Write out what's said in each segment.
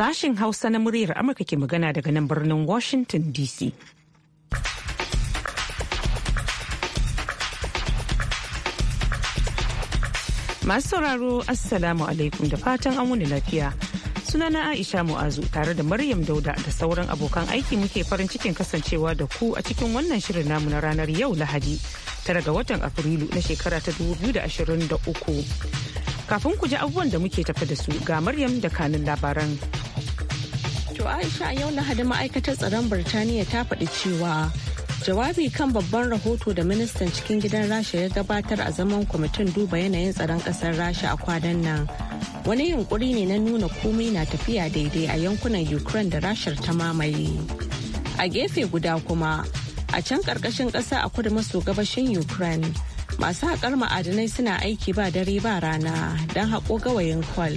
sashen Hausa na muryar Amurka ke magana daga nan birnin Washington DC. Masu sauraro Assalamu alaikum da fatan an wuni lafiya. Sunana Aisha Mu'azu tare da Maryam Dauda da sauran abokan aiki muke farin cikin kasancewa da ku a cikin wannan shirin namu na ranar yau Lahadi tare ga watan Afrilu na shekara ta 2023. Kafin ku ji abubuwan da muke tafi da su ga Maryam da kanin labaran. To Aisha a yau Lahadi ma'aikatar tsaron Birtaniya ta faɗi cewa jawabi kan babban rahoto da ministan cikin gidan rasha ya gabatar a zaman kwamitin duba yanayin tsaron ƙasar rasha a kwanan nan wani yunkuri ne na nuna komai na tafiya daidai a yankunan ukraine da rashar ta mamaye a gefe guda kuma a can ƙarƙashin ƙasa a kudu maso gabashin ukraine masu haƙar ma'adanai suna aiki ba dare ba rana don haƙo gawayin kwal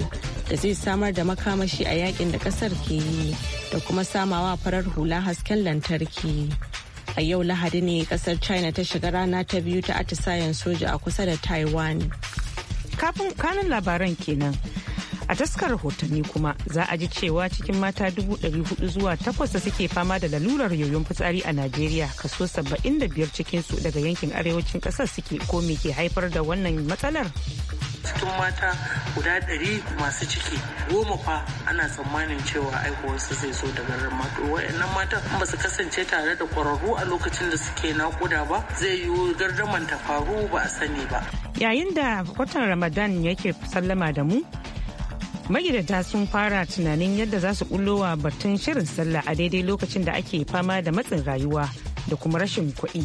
da zai samar da makamashi a yakin da ƙasar ke yi da kuma samawa farar hula hasken lantarki a yau lahadi ne ƙasar china ta shiga rana ta biyu ta atisayen soja a kusa da taiwan kafin kanin labaran kenan a taskar rahotanni kuma za a ji cewa cikin mata 400 zuwa takwas da suke fama da lalurar yoyon fitsari a najeriya kaso 75 su daga yankin arewacin kasar suke ko me ke haifar da wannan matsalar cikin mata guda ɗari masu ciki goma fa ana tsammanin cewa aihuwarsu zai zo daga ramado wayannan mata ba su kasance tare da kwararru a lokacin da suke naƙuda ba zai yi gardaman ta faru ba a sani ba yayin da watan ramadan yake sallama da mu magidata sun fara tunanin yadda za su wa batun shirin sallah a daidai lokacin da ake fama da matsin rayuwa da kuma rashin kuɗi.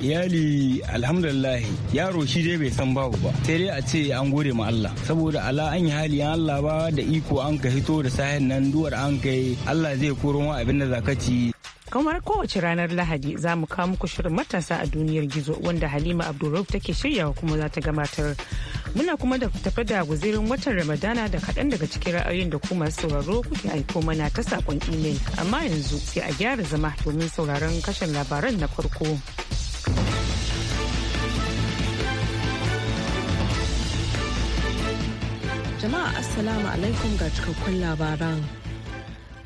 iyali alhamdulillah yaro shi dai bai san babu ba sai dai a ce an gode ma Allah saboda ala an yi hali an Allah ba da iko an ka hito da sahen nan duwar an kai Allah zai koro ma abin da zakaci kamar kowace ranar lahadi za mu kawo muku shirin matasa a duniyar gizo wanda halima abdulrauf take shiryawa kuma za ta gabatar muna kuma da tafi da guzirin watan ramadana da kaɗan daga cikin ra'ayoyin da kuma sauraro kuke aiko mana ta saƙon imel amma yanzu sai a gyara zama domin sauraron kashin labaran na farko jama'a assalamu alaikum ga cikakkun labaran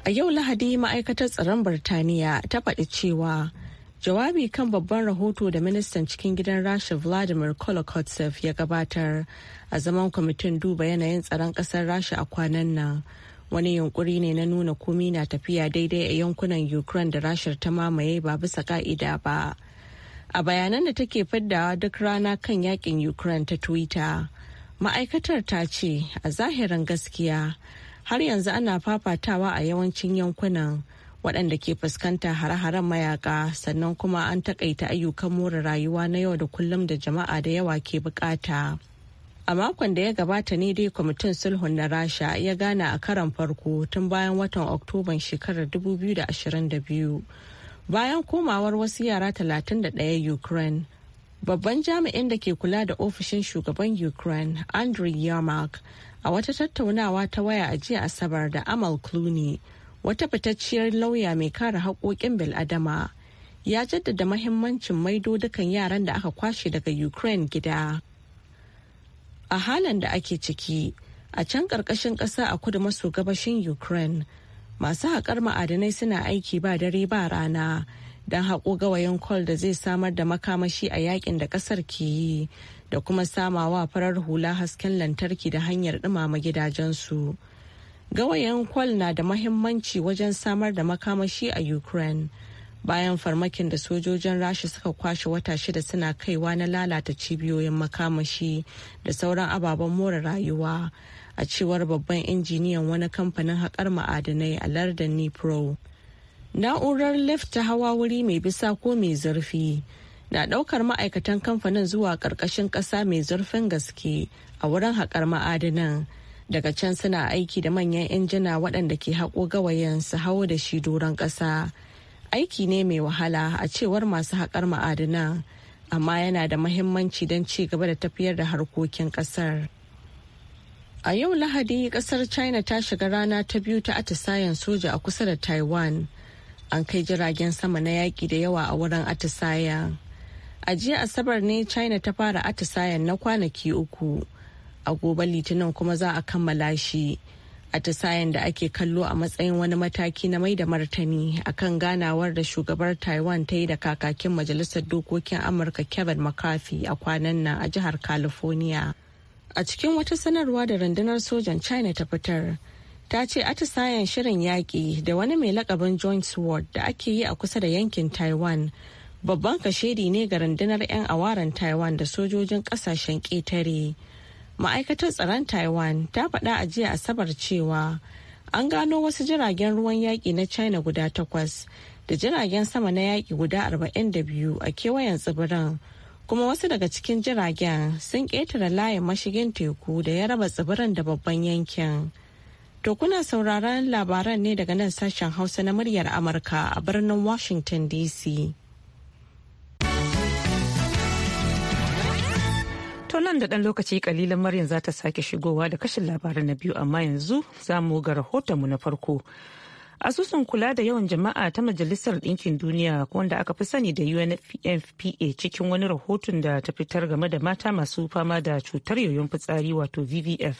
A yau Lahadi ma'aikatar tsaron Birtaniya ta faɗi cewa jawabi kan babban rahoto da ministan cikin gidan rasha vladimir kolokotsev ya gabatar a zaman kwamitin duba yanayin tsaron ƙasar rasha a kwanan nan wani yunkuri ne na nuna komi na tafiya daidai a yankunan ukraine da rashar ta mamaye ba bisa ka'ida ba a bayanan da take fiddawa duk rana kan yakin ukraine ta twitter ma'aikatar ta ce a zahirin gaskiya har yanzu ana fafatawa a yawancin yankunan waɗanda ke fuskantar hare-haren mayaka sannan kuma an takaita ayyukan more rayuwa na yau da kullum da jama'a da yawa ke bukata. a makon da ya gabata ne dai kwamitin sulhun na rasha ya gana a karan farko tun bayan watan oktoban shekarar 2022 bayan komawar wasu yara 31 ukraine babban jami'in da ke kula da ofishin shugaban ukraine andriy yamak a wata tattaunawa ta waya a jiya asabar da amal clooney wata fitacciyar lauya mai kare haƙoƙin bil'adama ya jaddada mahimmancin maido dukan yaran da aka kwashe daga ukraine gida a halin da ake ciki a can ƙarƙashin ƙasa a kudu maso gabashin ukraine masu haƙar ma'adanai suna aiki ba dare ba rana don haƙo gawayin kol da zai samar da makamashi a yakin da ƙasar ke yi da kuma samawa farar hula hasken lantarki da hanyar dumama gidajensu. Gawayen kwal na da mahimmanci wajen samar da makamashi a Ukraine. Bayan farmakin da sojojin Rasha suka kwashe wata shida suna kaiwa na lalata cibiyoyin makamashi da sauran ababen more rayuwa, a cewar babban injiniyan wani kamfanin haƙar ma'adinai a lardin Nipro. Na'urar lift ta hawa wuri mai bisa ko mai zurfi. na ɗaukar ma'aikatan kamfanin zuwa ƙarƙashin ƙasa mai zurfin gaske a wurin haƙar ma'adanan daga can suna aiki da manyan injina waɗanda ke haƙo gawayin su hau da shi doron ƙasa aiki ne mai wahala a cewar masu haƙar ma'adanan amma yana da mahimmanci don ci gaba da tafiyar da harkokin ƙasar a yau lahadi ƙasar china ta shiga rana ta biyu ta atisayen soja a kusa da taiwan an kai jiragen sama na yaƙi da yawa a wurin atisayen a jiya asabar ne china ta fara atisayen na kwanaki uku a gobe litinin kuma za a kammala shi atisayen da ake kallo a matsayin wani mataki na mai da martani akan ganawar da shugabar taiwan ta yi da kakakin majalisar dokokin amurka kevin mccarthy a kwanan nan a jihar california a cikin wata sanarwa da rundunar sojan china ta fitar ta ce atisayen shirin yaƙi da wani mai lakabin joint sword da ake yi a kusa da yankin taiwan babban kashedi ne ga rundunar 'yan awaran taiwan da sojojin kasashen ƙetare ma'aikatar tsaron taiwan ta faɗa a jiya asabar cewa an gano wasu jiragen ruwan yaƙi na china guda takwas da jiragen sama na yaƙi guda 42 a kewayen tsibirin kuma wasu daga cikin jiragen sun ƙetare layin mashigin teku da ya raba tsibirin da babban yankin to kuna sauraron labaran ne daga nan sashen hausa na muryar amurka a birnin washington dc nan da ɗan lokaci kalilan Maryam za ta sake shigowa da kashin labarai na biyu amma yanzu za mu ga rahotonmu na farko. Asusun kula da yawan jama'a ta Majalisar Ɗinkin Duniya wanda aka fi sani da UNFPA cikin wani rahoton da ta fitar game da mata masu fama da cutar yoyon fitsari wato VVF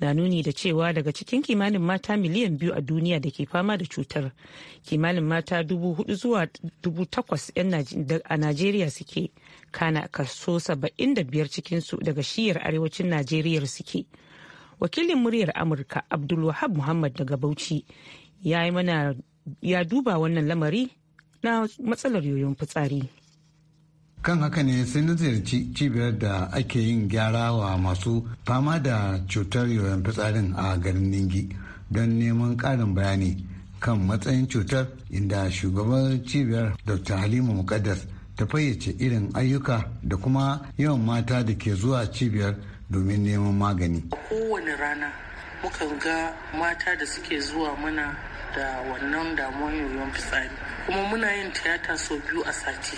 na nuni da cewa daga cikin kimanin mata miliyan biyu a duniya da ke fama da cutar kimanin mata dubu hudu zuwa dubu takwas a Najeriya suke. kana kaso saba'in da biyar cikinsu daga shiyar arewacin najeriya suke wakilin muryar amurka abdulwahab muhammad daga bauchi ya yi mana ya duba wannan lamari na matsalar yoyon fitsari kan haka ne sai na ziyarci cibiyar da ake yin gyara wa masu fama da cutar yoyon fitsarin a garin ningi don neman ƙarin bayani kan matsayin cutar inda shugaban cibiyar dr halima mukaddas ta fayyace irin ayyuka da kuma yawan mata da ke zuwa cibiyar domin neman magani. a Kowane rana mukan ga mata da suke zuwa mana da wannan damuwan yoyon fitsari kuma muna yin tiyata sau biyu a sati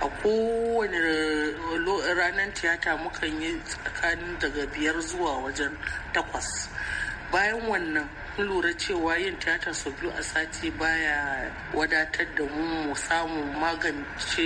a kowane ranar tiyata mukan yi tsakanin daga biyar zuwa wajen takwas bayan wannan mun lura cewa yin tiyata su biyu a sati baya wadatar da mu mu samu magance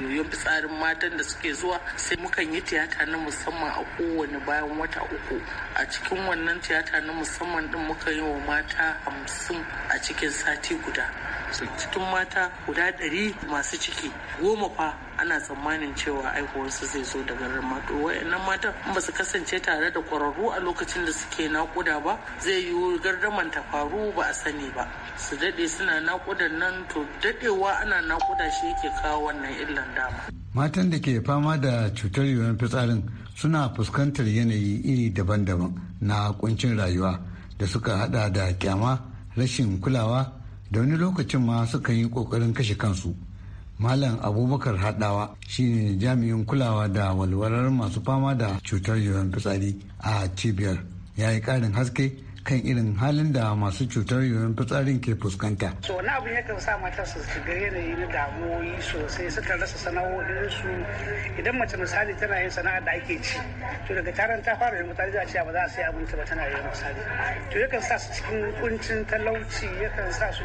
yoyon fitsarin matan da suke zuwa sai mukan yi tiyata na musamman a kowane bayan wata uku a cikin wannan tiyata na musamman din muka yi wa mata hamsin a cikin sati guda so mata guda ɗari masu ciki goma fa ana tsammanin cewa aihuwarsu zai zo daga ramato wayannan matan in ba su kasance tare da ƙwararru a lokacin da suke naƙuda ba zai yi gardaman ta faru ba a sani ba su daɗe suna naƙuda nan to daɗewa ana naƙuda shi yake kawo wannan illan dama matan da ke fama da cutar yiwuwar fitsarin suna fuskantar yanayi iri daban-daban na kuncin rayuwa da suka hada da kyama rashin kulawa da wani lokacin ma sukan yi ƙoƙarin kashe kansu malam abubakar haɗawa shine jami'in kulawa da walwalar masu fama da cutar yawan fitsari a cibiyar ya yi ƙarin haske kan irin halin da masu cutar yoyon fitsarin ke fuskanta. so na abin yakan sa mata su shiga yanayi na damuwoyi sosai suka rasa su idan mace misali tana yin sana'a da ake ci to daga taron ta fara yin mutane za a ce ba za a sai abinci ba tana yin misali to yakan sa su cikin kuncin talauci yakan sa su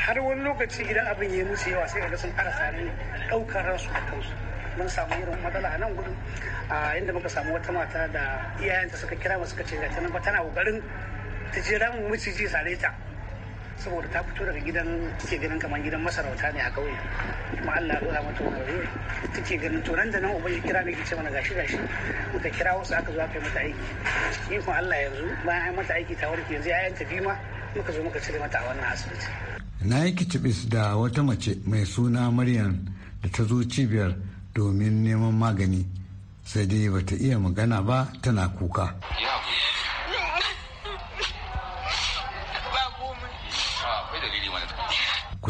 har wani lokaci idan abin ya musu yawa sai ga sun fara sami ɗaukar ransu da kansu mun samu irin matsala a nan gudun a inda muka samu wata mata da iyayenta suka kira mu suka ce ga tana ba tana ƙoƙarin ta je ramin maciji sare ta saboda ta fito daga gidan ke ganin kamar gidan masarauta ne a kauye kuma Allah ya dora mata wani rauni take ganin to nan da nan ubangi kira ne ke ce mana gashi gashi muka kira wasu aka zo aka yi mata aiki kuma Allah yanzu bayan an mata aiki ta warke yanzu yayan ta bima muka zo muka cire mata a wannan asibiti na yi kicibis da wata mace mai suna maryam da ta zo cibiyar domin neman magani sai dai bata iya magana ba tana kuka.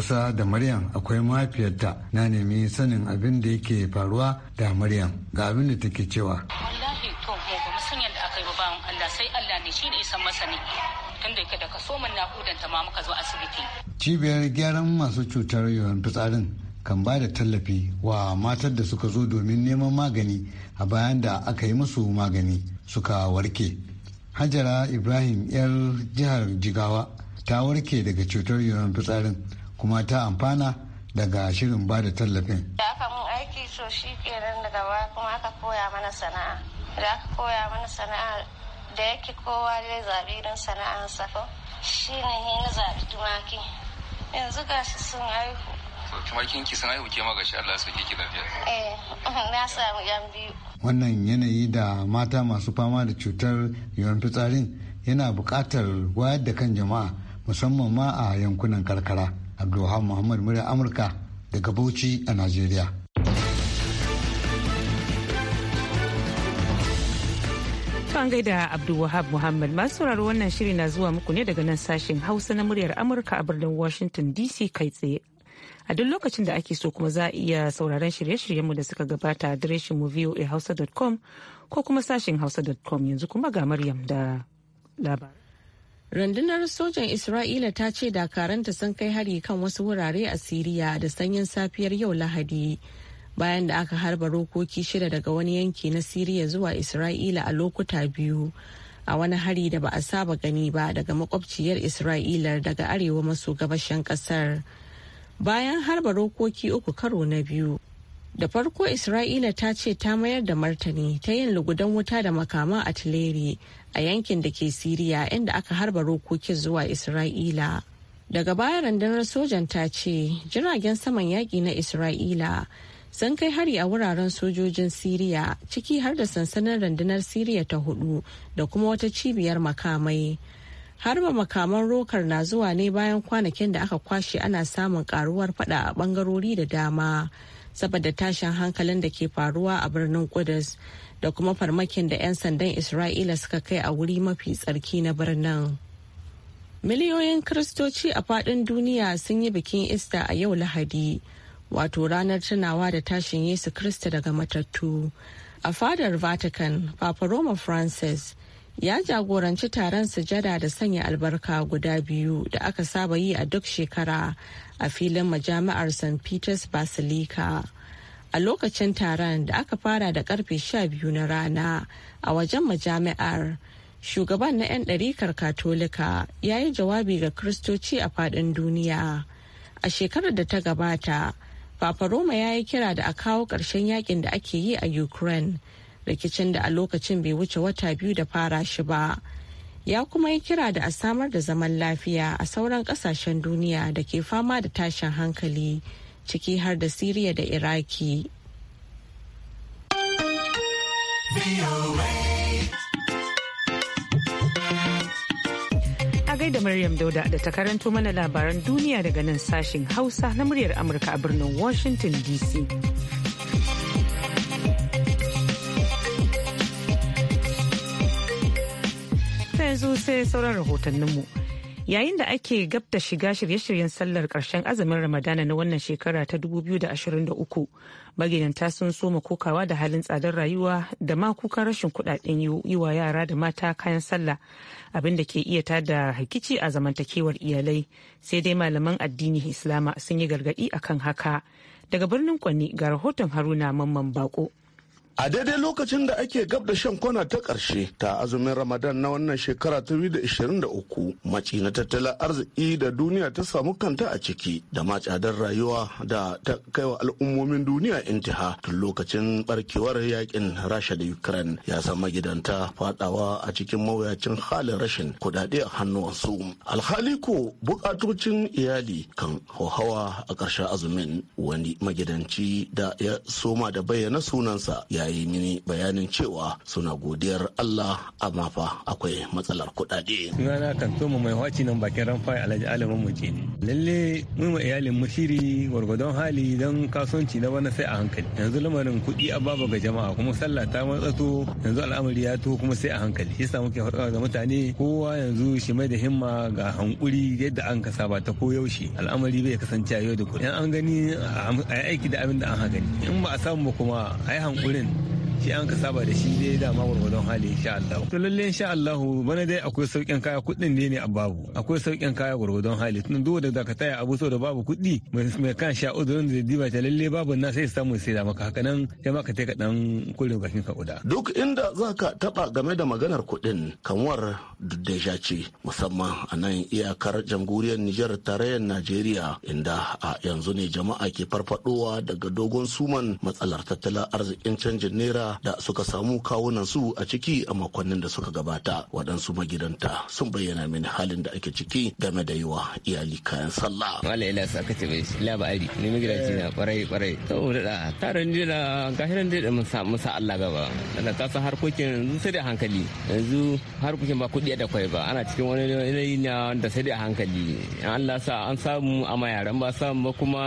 kusa da maryam akwai mahaifiyarta na nemi sanin abin da yake faruwa da maryam ga abin da take cewa wallahi to mu ba mu san yadda aka yi ba bawan allah sai allah ne shi ne isan masani tun da da kaso min ta ma muka zo asibiti cibiyar gyaran masu cutar yawan fitsarin kan ba da tallafi wa matar da suka zo domin neman magani a bayan da aka yi musu magani suka warke. Hajara Ibrahim 'yar jihar Jigawa ta warke daga cutar yoyon fitsarin kuma ta amfana daga shirin ba da tallafin. Da aka mun aiki so shi kenan daga baya kuma aka koya mana sana'a. Da aka koya mana sana'a da yake kowa zai zaɓi irin sana'ar safo shi ne ni na zaɓi tumaki. Yanzu gashi sun haihu. Tumakin ki sun haihu ke magashi Allah su ke lafiya. Eh, na samu yan biyu. Wannan yanayi da mata masu fama da cutar yawan fitsarin yana buƙatar wayar da kan jama'a musamman ma a yankunan karkara. Abdulhamu Muhammad murya Amurka daga Bauchi a Najeriya. Kan gaida Abdulwahab Muhammad masu sauraro wannan shiri na zuwa muku ne daga nan sashen Hausa na muryar Amurka a birnin Washington DC kai tsaye. A duk lokacin da ake so kuma za a iya sauraron shirye-shiryenmu da suka gabata a mu voahausa.com ko kuma sashen hausa.com yanzu kuma ga Maryam da labarai. Rundunar sojan Isra'ila ta ce dakaranta sun kai hari kan wasu wurare a Siriya da sanyin safiyar yau Lahadi. Bayan da aka harba rokoki shida daga wani yanki na Siriya zuwa Isra'ila a lokuta biyu, a wani hari da ba a saba gani ba daga makwabciyar Isra'ilar daga arewa maso gabashin kasar. Bayan harba rokoki uku karo na biyu, Da farko Isra'ila ta ce ta mayar da martani ta yin lugudan wuta da a tileri a yankin da ke Siriya inda aka harba rokokin zuwa Isra'ila. Daga baya rundunar sojan ta ce jiragen saman yaƙi na Isra'ila sun kai hari a wuraren sojojin Siriya ciki har da sansanin rundunar Siriya ta hudu da kuma wata cibiyar makamai. harba makaman rokar na zuwa ne bayan kwanakin da aka kwashe ana samun karuwar fada a bangarori da dama saboda tashin hankalin da ke faruwa a birnin Kudus da kuma farmakin da 'yan sandan Isra'ila suka kai a wuri mafi tsarki na birnin. Miliyoyin Kiristoci a faɗin duniya sun yi bikin Ista a yau Lahadi, wato ranar tunawa da tashin Yesu Kirista daga matattu. A fadar Vatican, Papa Roma Francis ya jagoranci taron sujada da sanya albarka guda biyu da aka saba yi a duk shekara a filin majami'ar st peters basilica a lokacin taron da aka fara da karfe biyu na rana a wajen majami'ar shugaban na 'yan ɗarikar katolika ya yi jawabi ga kristoci a faɗin duniya a shekarar da ta gabata papa roma ya yi kira da a kawo ƙarshen yakin da ake yi a ukraine rikicin da a lokacin bai wuce wata biyu da fara shi ba ya kuma yi kira da a samar da zaman lafiya a sauran kasashen duniya da ke fama da tashin hankali ciki har da siriya da iraki gaida Maryam Dauda da ta karanto mana labaran duniya daga nan sashen Hausa na muryar Amurka a birnin Washington DC. yanzu sai sauran rahotanninmu. Yayin da ake gab da shiga shirye-shiryen sallar ƙarshen azumin Ramadana na wannan shekara ta 2023, magidanta sun soma kokawa da halin tsadar rayuwa da ma kukan rashin kuɗaɗen yi wa yara da mata kayan sallah abinda ke iya ta da rikici a zamantakewar iyalai sai dai malaman addini Islama sun yi gargaɗi akan haka. Daga birnin Kwanni ga rahoton Haruna Mamman Bako. a daidai lokacin da ake gab da shan kwana ta ƙarshe ta azumin ramadan na wannan shekara ta uku, maci na tattalin arziki da duniya ta samu kanta a ciki da ma tsadar rayuwa da ta kaiwa al'ummomin duniya intiha tun lokacin barkewar yakin rasha da ukraine ya san magidanta fadawa a cikin mawuyacin halin rashin kuɗaɗe a hannuwansu alhali ko bukatocin iyali kan hauhawa a ƙarshen azumin wani magidanci da ya soma da bayyana sunansa ya ya yi mini bayanin cewa suna godiyar Allah amma fa akwai matsalar kuɗaɗe. Sunana kan so mu mai waci nan bakin ramfa alhaji Ali mu ce. Lalle mu ma iyalin mu shiri gwargwadon hali don kasuwanci na wani sai a hankali. Yanzu lamarin kuɗi a babu ga jama'a kuma sallah ta matsato yanzu al'amari ya to kuma sai a hankali. yasa muke faɗa ga mutane kowa yanzu shi mai da himma ga hankuri yadda an ka ba ta koyaushe al'amari bai kasance a yau da kullum. Yan an gani a aiki da abin da an haka In ba a samu ba kuma a yi hankulin shi an ka saba da shi dai dama gwargwadon hali insha Allah to lalle insha Allah bana dai akwai saukin kaya kuɗin ne ne a babu akwai saukin kaya gwargwadon hali tun duk da ka taya abu da babu kuɗi mai kan sha uzurin da diba ta lalle babu na sai samu sai da maka haka nan sai maka tai ka dan bakin ka uda duk inda zaka taba game da maganar kuɗin kanwar deja ce musamman a nan iyakar jamhuriyar Nijar tarayyar Najeriya inda a yanzu ne jama'a ke farfadowa daga dogon suman matsalar tattalin arzikin canjin naira da suka samu kawunan su a ciki a makonnin da suka gabata waɗansu magidanta sun bayyana mini halin da ake ciki game da yiwa iyali kayan sallah wala ila saka ce mai labari ni magidanci na kwarai kwarai saboda da taron da gashi nan dai da musa Allah gaba da ta san harkokin yanzu sai da hankali yanzu harkokin ba kuɗi da kwai ba ana cikin wani yanayi na da sai da hankali an Allah sa an samu amma yaran ba samu ba kuma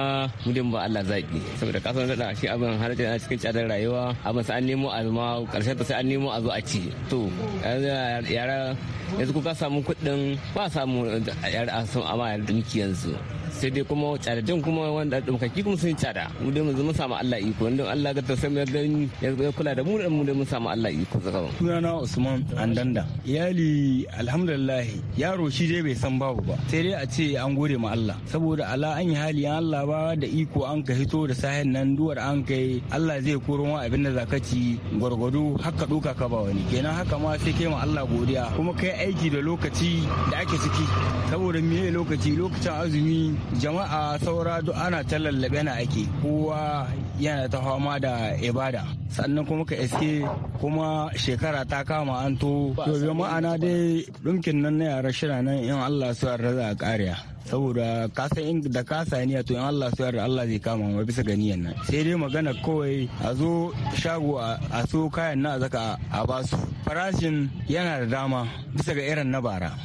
mudin ba Allah zaki saboda ka san da shi abin har da cikin tsadar rayuwa abin sa an nemo a zama karshen ta sai an nemo a zo a ci to yara yanzu kuka samu kuɗin ba samu yara a ma yara miki yanzu sai dai kuma cadadin kuma wanda dumkaki kuma sun cada mu dai mun zama samu Allah iko wanda Allah ga ta sai gani ya kula da mu mu dai mu samu Allah iko sunana Usman Andanda iyali alhamdulillah yaro shi dai bai san babu ba sai dai a ce an gode ma Allah saboda ala an yi hali an Allah ba da iko an ka hito da sahin nan duwar an kai Allah zai koro ma abin da zakaci gwargwado haka doka ka ba wani kenan haka ma sai kai ma Allah godiya kuma kai aiki da lokaci da ake ciki saboda me lokaci lokacin azumi jama'a saura duk ana ta lallabe na ake kowa yana ta fama da ibada sannan kuma ka iske kuma shekara ta kama an to jama'a ma'ana dai dunkin nan na yara shira nan in Allah su yarda za a kariya saboda ka san in da ka saniya to in Allah sai Allah zai kama mu bisa ga nan sai dai magana kawai a zo shago a so kayan na zaka a ba su. farashin yana da dama bisa ga irin na bara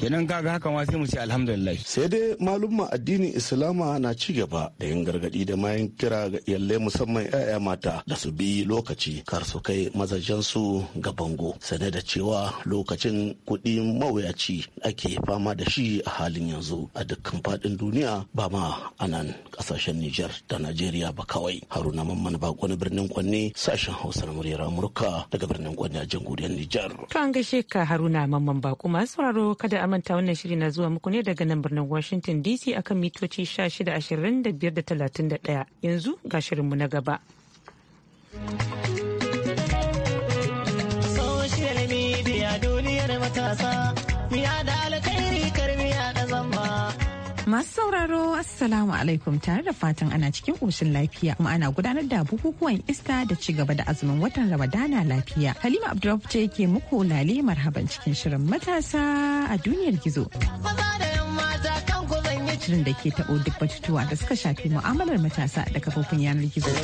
ka kaga haka ma sai mu ce alhamdulillah sai dai malumma addinin islama na ci gaba da yin gargadi da mayan kira ga iyalai musamman 'ya'ya mata da su bi lokaci kar su kai mazajen su ga bango sane da cewa lokacin kuɗi mawuyaci ake fama da shi a halin yanzu dukkan faɗin duniya ba ma a nan ƙasashen Nijar da Najeriya ba kawai. Haruna Mamman Bako na birnin Kwanne sashen Hausa na muryar Amurka daga birnin Kwanne a jamhuriyar Nijar. To an gaishe ka Haruna Mamman Bako masu sauraro kada a manta wannan shiri na zuwa muku ne daga nan birnin Washington DC akan mitoci 16 ashirin da biyar da talatin yanzu ga shirinmu na gaba. Social media duniyar matasa, miya Masu sauraro Assalamu alaikum tare da fatan ana cikin ƙoshin lafiya kuma ana gudanar da bukukuwan Ista da ci gaba da azumin watan Ramadana lafiya. Halima Abdurrahman ce ke muku lale marhaban cikin shirin matasa a duniyar gizo. Shirin da ke taɓo duk batutuwa da suka shafi mu'amalar matasa da kafofin yanar gizo.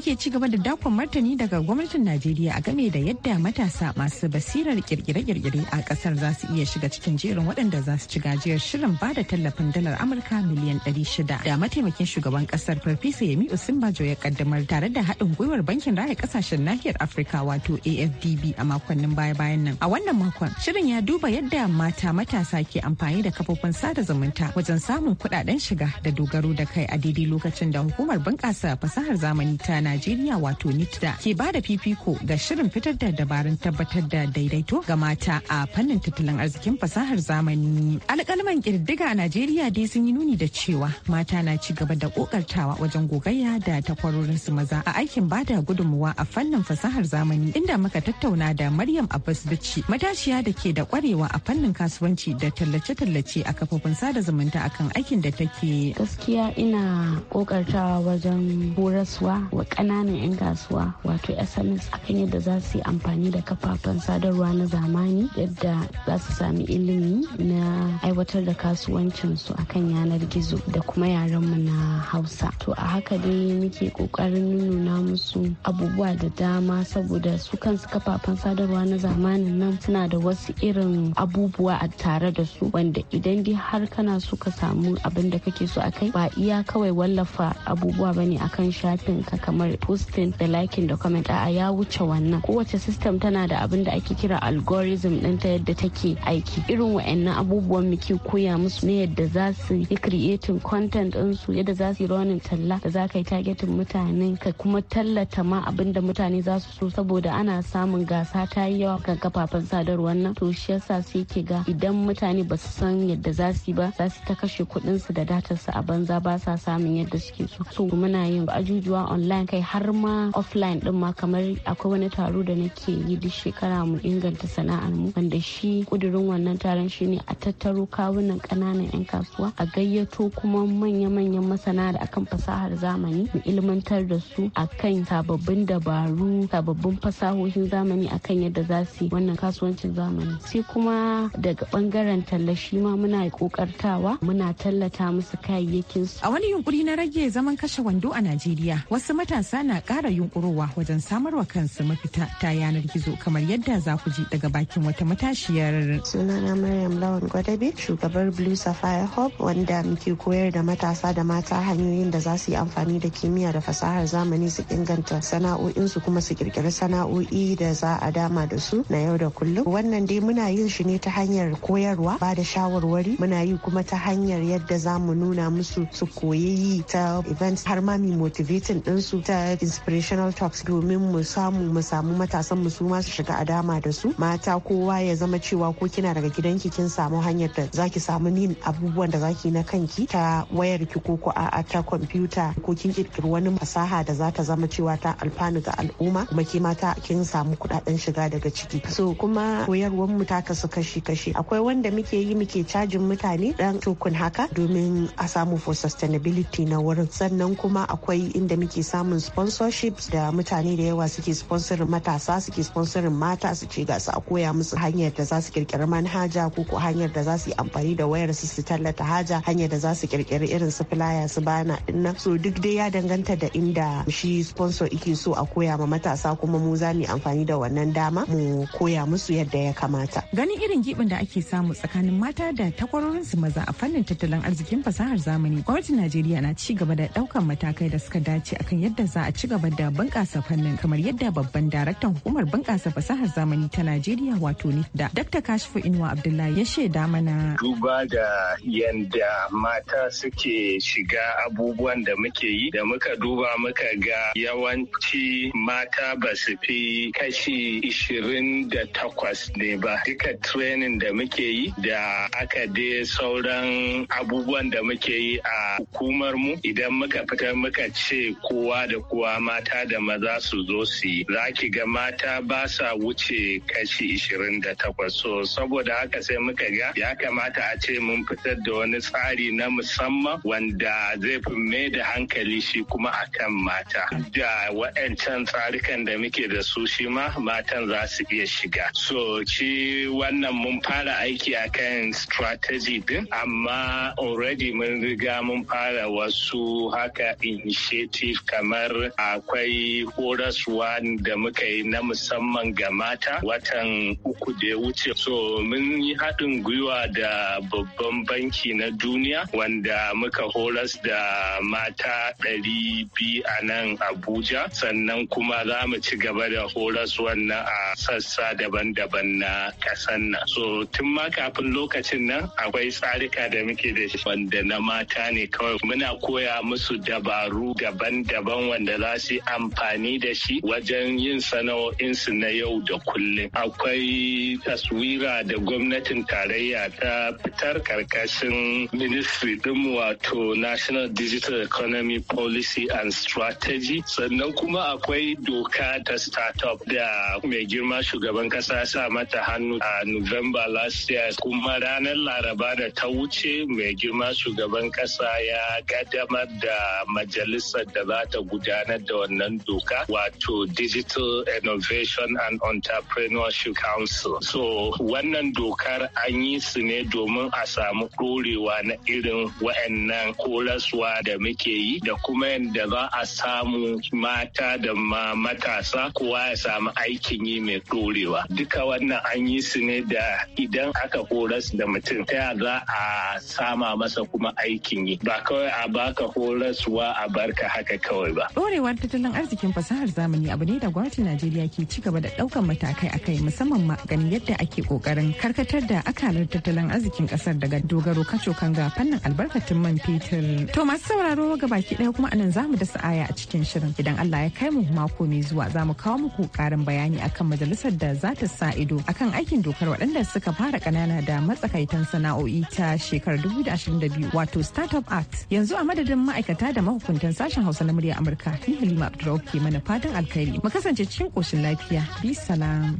muke ci gaba da dakon martani daga gwamnatin Najeriya a game da yadda matasa masu basirar kirkire-kirkire a kasar za su iya shiga cikin jerin waɗanda za su ci gajiyar shirin ba da tallafin dalar Amurka miliyan 600 da mataimakin shugaban kasar Farfisa Yemi Osinbajo ya kaddamar tare da haɗin gwiwar bankin raya ƙasashen nahiyar Afirka wato AFDB a makonnin baya-bayan nan. A wannan makon shirin ya duba yadda mata matasa ke amfani da kafofin sada zumunta wajen samun kuɗaɗen shiga da dogaro da kai a daidai lokacin da hukumar bunƙasa fasahar zamani ta Najeriya wato NITDA ke ba da fifiko ga shirin fitar da dabarun tabbatar da daidaito ga mata a fannin tattalin arzikin fasahar zamani. Alƙalman ƙirdiga a Najeriya dai sun yi nuni da cewa mata na ci gaba da ƙoƙartawa wajen gogayya da takwarorin su maza a aikin ba da gudunmuwa a fannin fasahar zamani inda muka tattauna da Maryam Abbas Bichi matashiya da ke da kwarewa a fannin kasuwanci da tallace-tallace a kafofin sada zumunta akan aikin da take. Gaskiya ina ƙoƙartawa wajen horaswa ƙananan 'yan kasuwa wato sms akan yadda za su yi amfani da kafafen sadarwa na zamani yadda za su sami ilimi na aiwatar da kasuwancinsu akan yanar gizo da kuma yarenmu na hausa to a haka dai muke ƙoƙarin nuna musu abubuwa da dama saboda su kansu kafafen sadarwa na zamanin nan suna da wasu irin abubuwa a tare da su wanda idan dai har kana so ka samu abin da kake so akai ba iya kawai wallafa abubuwa bane akan shafin ka kamar reposting da liking da comment a ya wuce wannan kowace system tana da abin da ake kira algorithm ta yadda take aiki irin wa'annan abubuwan muke koya musu ne yadda za su yi creating content su yadda za su yi running talla da za ka yi targeting mutane ka kuma tallata ma abin da mutane za su so saboda ana samun gasa ta yi yawa kan kafafen sadarwar nan to shi yasa sai ke ga idan mutane ba su san yadda za su yi ba za su ta kashe kuɗinsu da datarsu a banza ba sa samun yadda suke so so muna yin ajujuwa online kai kai har ma offline din ma kamar akwai wani taro da nake yi duk shekara mu inganta sana'ar mu wanda shi kudurin wannan taron shine a tattaro kawunan ƙananan 'yan kasuwa a gayyato kuma manya-manyan masana da akan fasahar zamani mu ilmantar da su akan sababbin dabaru sababbin fasahohin zamani akan yadda za su wannan kasuwancin zamani sai kuma daga bangaren tallashi ma muna kokartawa muna tallata musu kayayyakin su a wani yunkuri na rage zaman kashe wando a Najeriya wasu matasa matasa na ƙara yunkurowa wajen samarwa kansu mafita ta yanar gizo kamar yadda za ku ji daga bakin wata matashiyar. Sunana Maryam Lawan Gwadabi, shugabar Blue Sapphire Hub wanda muke koyar da matasa da mata hanyoyin da za su yi amfani da kimiyya da fasahar zamani su inganta sana'o'insu kuma su kirkiri sana'o'i da za a dama da su na yau da kullum. Wannan dai muna yin shi ne ta hanyar koyarwa ba da shawarwari muna yi kuma ta hanyar yadda za mu nuna musu su koyi ta events har ma mi motivating ɗinsu ta shirya inspirational talks domin mu samu mu samu matasan mu su ma su shiga a dama da su mata kowa ya zama cewa ko kina daga gidanki kin samu hanyar da zaki samu yin abubuwan da zaki na kanki ta wayar ki ko ko a ta kwamfuta ko kin kirkiri wani fasaha da za ta zama cewa ta alfanu ga al'umma kuma ke mata kin samu kudaden shiga daga ciki so kuma koyarwar mu ta kasu kashi kashi akwai wanda muke yi muke cajin mutane dan tokun haka domin a samu for sustainability na wurin sannan kuma akwai inda muke samun sponsorships da mutane da yawa suke sponsorin matasa suke sponsorin mata su ce ga su a koya musu hanyar da za su kirkiri manhaja ko ko hanyar da za su yi amfani da wayar su su tallata haja hanyar da za su kirkiri irin su filaya su bana dinnan so duk dai ya danganta da inda shi sponsor yake so a koya ma matasa kuma mu za mu amfani da wannan dama mu koya musu yadda ya kamata ganin irin gibin da ake samu tsakanin mata da takwarorinsu maza a fannin tattalin arzikin fasahar zamani gwamnatin najeriya na ci gaba da daukan matakai da suka dace akan yadda za za a ci gaba da bunƙasa fannin kamar yadda babban daraktan hukumar bunƙasa fasahar zamani ta Najeriya wato da Dr. Kashifu Inuwa Abdullahi ya shaida mana. Duba da yanda mata suke shiga abubuwan da muke yi da muka duba muka ga yawanci mata ba su fi kashi ishirin da takwas ne ba. Duka training da muke yi da aka da sauran abubuwan da muke yi a hukumar mu idan muka fitar muka ce kowa da kuwa mata da maza su zo su yi za ki ga mata ba sa wuce kashi 28 so saboda haka sai muka ga ya kamata a ce mun fitar da wani tsari na musamman wanda zai fi mai da hankali shi kuma akan mata da waɗancan tsarikan da muke da su shi ma matan za su iya shiga so shi wannan mun fara aiki akan strategy din amma already mun riga mun fara wasu haka initiative kamar biyar akwai horaswa da muka yi na musamman ga mata watan uku da ya wuce. So mun yi haɗin gwiwa da babban banki na duniya wanda muka horas da mata ɗari biyu a nan Abuja sannan kuma za mu ci gaba da horas wannan a sassa daban-daban na kasan nan. So tun ma kafin lokacin nan akwai tsarika da muke da shi wanda na mata ne kawai muna koya musu dabaru daban-daban waɗanda za su amfani da shi wajen yin sana'o'insu na yau da kullum. Akwai taswira da gwamnatin tarayya ta fitar karkashin ministry ɗin wato National Digital Economy Policy and Strategy. Sannan kuma akwai doka ta startup da mai girma shugaban kasa sa mata hannu a November last year kuma ranar Laraba da ta wuce mai girma shugaban kasa ya kaddamar da majalisar da za ta gudanar gudanar da wannan doka wato Digital Innovation and Entrepreneurship Council. So wannan dokar an yi su ne domin a samu ɗorewa na irin wa'annan koraswa da muke yi da kuma yadda za a samu mata da ma matasa kowa ya samu aikin yi mai ɗorewa. Duka wannan an yi su ne da idan aka horas da mutum ta za a sama masa kuma aikin yi ba kawai a baka horaswa a barka haka kawai ba. Dorewar tattalin arzikin fasahar zamani abu ne da gwamnatin Najeriya ke ci gaba da daukan matakai akai musamman ma ganin yadda ake kokarin karkatar da akalar tattalin arzikin kasar daga dogaro kacokan ga fannin albarkatun man fetur. To masu sauraro ga baki daya kuma anan zamu da aya a cikin shirin idan Allah ya kai mu mako mai zuwa zamu kawo muku karin bayani akan majalisar da za ta sa ido akan aikin dokar waɗanda suka fara ƙanana da matsakaitan sana'o'i ta shekarar 2022 wato Startup Act. Yanzu a madadin ma'aikata da mahukuntan sashen Hausa na murya Amurka amurka ni halima abdurrauf ke mana fatan alkhairi mu kasance cikin koshin lafiya bi salam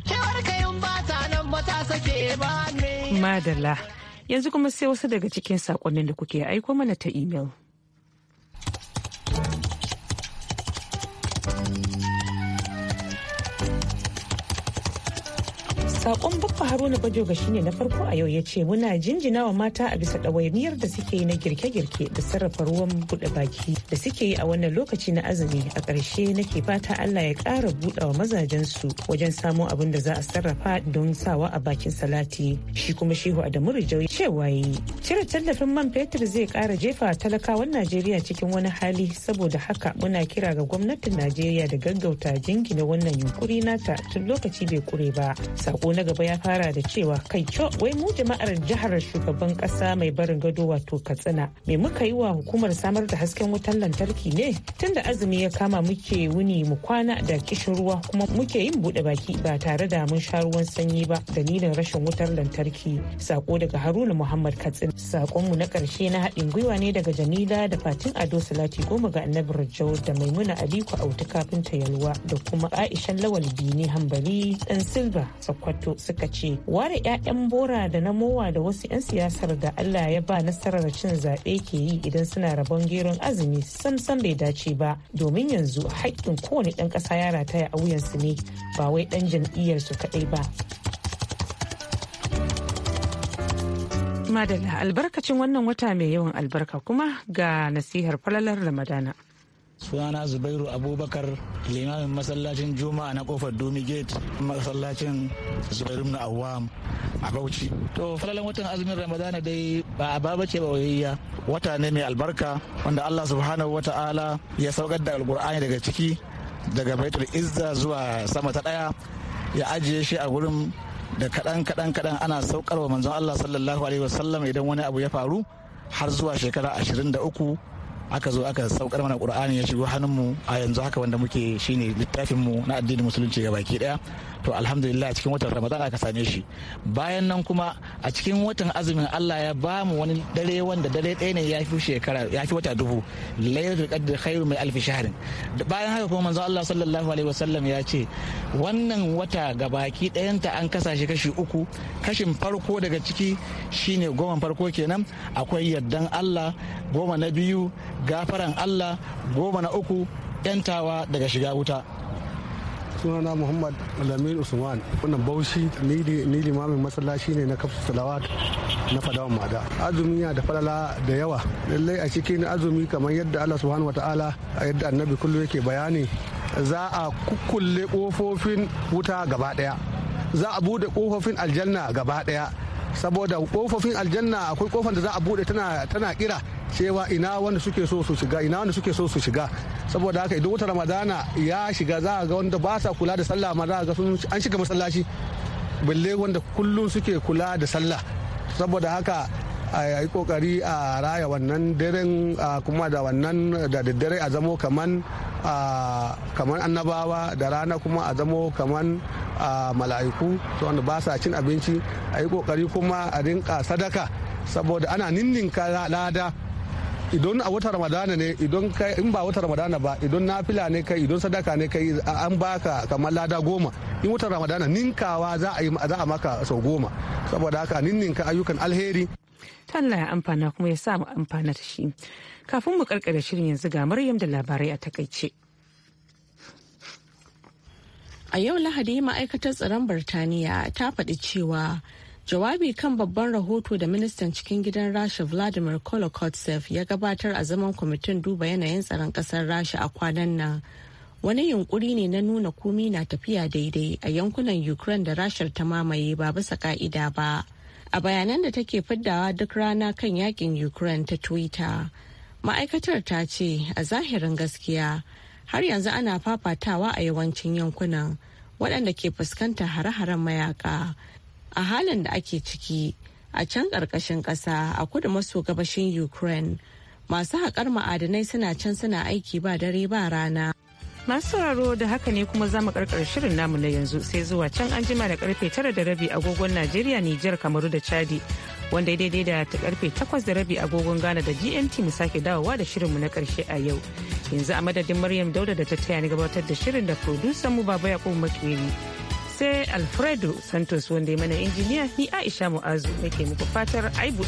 madalla yanzu kuma sai wasu daga cikin sakonnin da kuke aiko mana ta imel. Sakon Baffa Haruna Bajoga shine na farko a yau ya ce muna jinjina wa mata a bisa ɗawainiyar da suke yi na girke-girke da sarrafa ruwan buɗe baki da suke yi a wannan lokaci na azumi a ƙarshe nake fata Allah ya ƙara buɗe wa mazajen su wajen samo abin da za a sarrafa don sawa a bakin salati. Shi kuma Shehu Adamu Rijau ce waye cire tallafin man fetur zai ƙara jefa talakawan Najeriya cikin wani hali saboda haka muna kira ga gwamnatin Najeriya da gaggauta jingina wannan yunkuri nata tun lokaci bai kure ba. Sako na gaba ya fara da cewa kai kyo wai mu jama'ar jihar shugaban kasa mai barin gado wato katsina me muka yi wa hukumar samar da hasken wutar lantarki ne tunda azumi ya kama muke wuni mu kwana da kishin ruwa kuma muke yin buɗe baki ba tare da mun sha ruwan sanyi ba dalilin rashin wutar lantarki sako daga haruna muhammad katsina sakonmu na ƙarshe na haɗin gwiwa ne daga jamila da fatin ado salati goma ga annabi rajau da maimuna aliko auta kafinta yalwa da kuma aishan lawal bini hambali dan silva sakwat plateau suka ce ware 'ya'yan bora da na mowa da wasu 'yan siyasar da allah ya ba nasarar cin zaɓe ke yi idan suna rabon geron azumi sam-sam bai dace ba domin yanzu haƙƙin kowane ɗan ƙasa ya rataya a wuyansu ne ba wai ɗan jam'iyyarsu kaɗai ba madalla albarkacin wannan wata mai yawan albarka kuma ga nasihar falalar ramadana sunana zubairu abubakar limamin masallacin juma'a na kofar dumi gate masallacin zubairu na awam a bauchi to falalan watan azumin ramadana dai ba a baba ba wayayya wata ne mai albarka wanda allah subhanahu wa ta'ala ya saukar da alkur'ani daga ciki daga baitul izza zuwa sama ta daya ya ajiye shi a gurin da kaɗan kaɗan kaɗan ana saukar wa manzon allah sallallahu alaihi wasallam idan wani abu ya faru har zuwa shekara ashirin da uku aka zo aka saukar mana qur'ani ya shigo hannunmu a yanzu haka wanda muke shine littafin mu na addinin musulunci baki daya to alhamdulillah a cikin watan ramadan aka same shi bayan nan kuma a cikin watan azumin allah ya ba mu wani dare wanda dare ɗaya ne ya fi shekara ya fi wata dubu lailatul qadr khairu min alf shahrin bayan haka kuma manzo allah sallallahu alaihi wasallam ya ce wannan wata ga gabaki ta an kasa shi kashi uku kashin farko daga ciki shine goma farko kenan akwai yardan allah goma na biyu gafaran allah goma na uku yantawa daga shiga wuta sunana muhammad lamin usman wannan bauchi ni limamin masallaci ne na kafsu salawat na fadawan mada azumi yana da falala da yawa lallai a cikin azumi kamar yadda allah subhanahu wa ta'ala yadda annabi kullum yake bayani za a kukkulle kofofin wuta gaba daya za a bude kofofin aljanna gaba daya saboda kofofin aljanna akwai kofar da za a bude tana kira cewa ina wanda suke so su shiga ina wanda suke so su shiga saboda haka idan wata ramadana ya shiga za a ga wanda ba sa kula da sallah ma za a ga sun an shiga masallaci balle wanda kullum suke kula da sallah saboda haka a yi kokari a raya wannan daren kuma da wannan da daddare a zamo kaman kaman annabawa da rana kuma a zamo kaman mala'iku to wanda ba sa cin abinci a yi kokari kuma a rinka sadaka saboda ana ninninka lada idan a wata ramadana ne idan kai in ba wata ramadana ba idan nafila ne kai idan sadaka ne kai an baka kamar lada goma in wata ramadana ninkawa za a yi za a maka sau goma saboda haka ninninka ayyukan alheri talla ya amfana kuma ya sa amfana ta shi kafin mu karkara shirin yanzu ga Maryam da labarai a takaice A yau Lahadi ma'aikatar tsaron Birtaniya ta faɗi cewa jawabi kan babban rahoto da ministan cikin gidan rasha vladimir kolokotsev ya gabatar a zaman kwamitin duba yanayin tsaron kasar rasha a kwanan nan wani yunkuri ne na nuna komi na tafiya daidai a yankunan ukraine da rashar ta mamaye ba bisa ka'ida ba a bayanan da take fiddawa duk rana kan yakin ukraine ta twitter ma'aikatar ta ce a zahirin gaskiya har yanzu ana fafatawa a yawancin yankunan waɗanda ke fuskantar hare-haren mayaka a halin da ake ciki a can ƙarƙashin ƙasa a kudu maso gabashin ukraine masu haƙar ma'adanai suna can suna aiki ba dare ba rana masu sauraro da haka ne kuma zamu karkar shirin namu na yanzu sai zuwa can an jima da karfe tara da rabi agogon najeriya nijar kamaru da chadi wanda daidai da ta karfe takwas da rabi agogon ghana da gmt mu sake dawowa da shirinmu na karshe a yau yanzu a madadin maryam dauda da ta taya ni gabatar da shirin da producer mu baba yakubu makeri sai alfredo santos wanda ya mana injiniya ni aisha mu'azu nake muku fatar ai